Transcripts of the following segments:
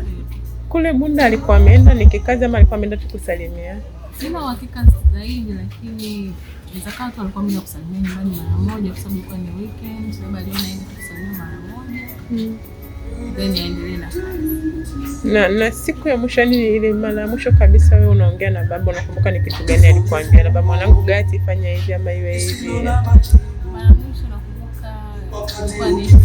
Bunda kule Bunda alikuwa ameenda ni kikazi ama alikuwa ameenda tu kusalimia? Sina uhakika zaidi, lakini nizakaa tu alikuwa ameenda kusalimia nyumbani mara moja, kwa sababu ilikuwa ni weekend, sababu aliona aende kusalimia mara moja mm. then aendelee na na na. Siku ya mwisho ni ile mara ya mwisho kabisa, wewe unaongea na baba, unakumbuka ni kitu gani alikuambia? baba? mwanangu, Gati, fanya hivi ama iwe hivi. Mara mwisho nakumbuka ni shule,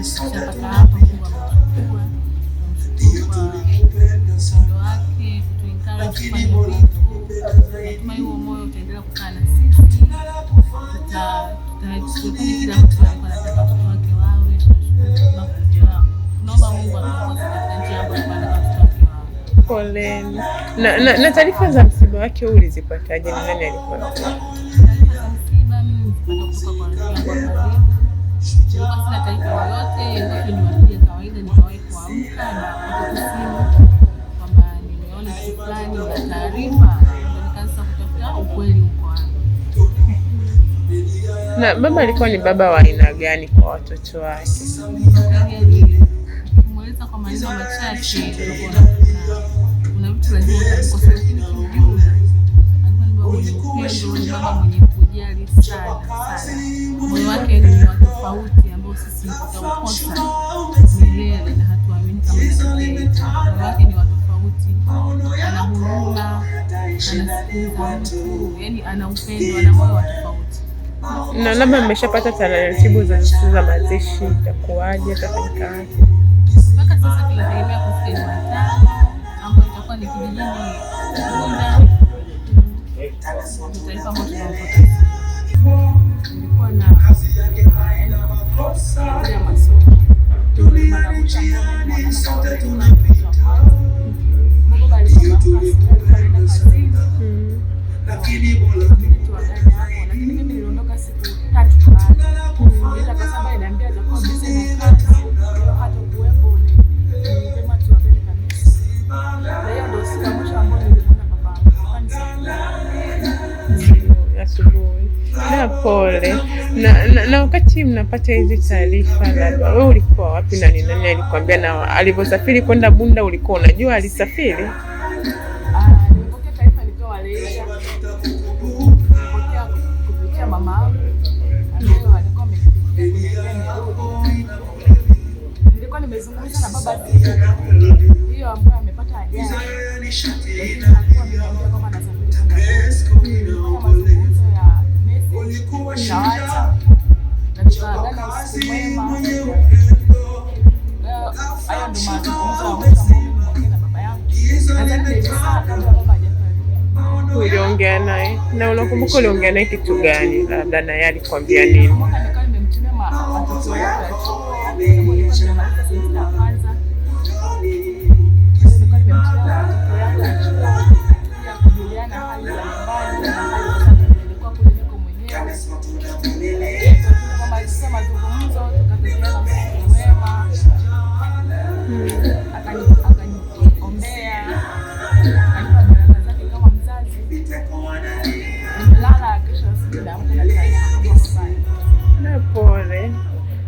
nasikia mpaka Na, na, na taarifa za msiba wake huu ulizipataje? Ni nani alikuwa sina ni kawaida, kuamka na kupata simu kwamba nimeona kitu fulani na taarifa, Na baba alikuwa ni baba wa aina gani kwa watoto wake? Kumweleza kwa maneno machache, kuna vitu lazima baba mwenye kujali sana sana, moyo wake tofauti ambao sisi tutaukosa milele na hatuamini kama wake ni watofauti. Ana huruma, anasikiza, yani yaani ana upendo na moyo wa tofauti. Na labda mmeshapata taratibu za za mazishi, itakuwaje tafika mpaka sasa? Tunategemea kufika Jumatano ambayo itakuwa ni kijijini Bunda. ilikuwa na Na pole na, na, na wakati mnapata hizi taarifa, labda wewe ulikuwa wapi na ni nani alikwambia, na alivyosafiri kwenda Bunda ulikuwa unajua alisafiri? sana baba hiyo ambayo amepata ajali uliongea naye na unakumbuka uliongea naye kitu gani? Labda naye alikwambia nini? Ich Reise.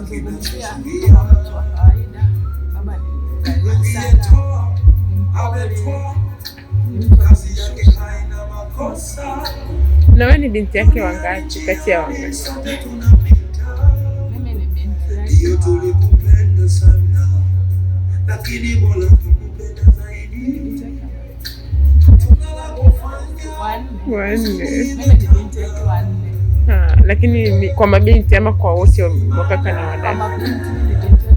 kuzungumzia kama na wewe ni binti yake wangapi? Kati ya wangapi? wanne. Ha, lakini kwa mabinti ama kwa wote wakaka na wadada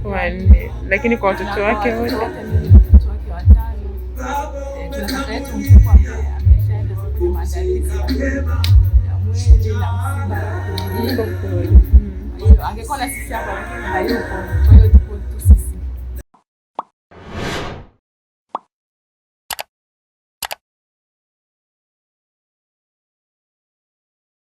wanne, lakini kwa watoto wake wote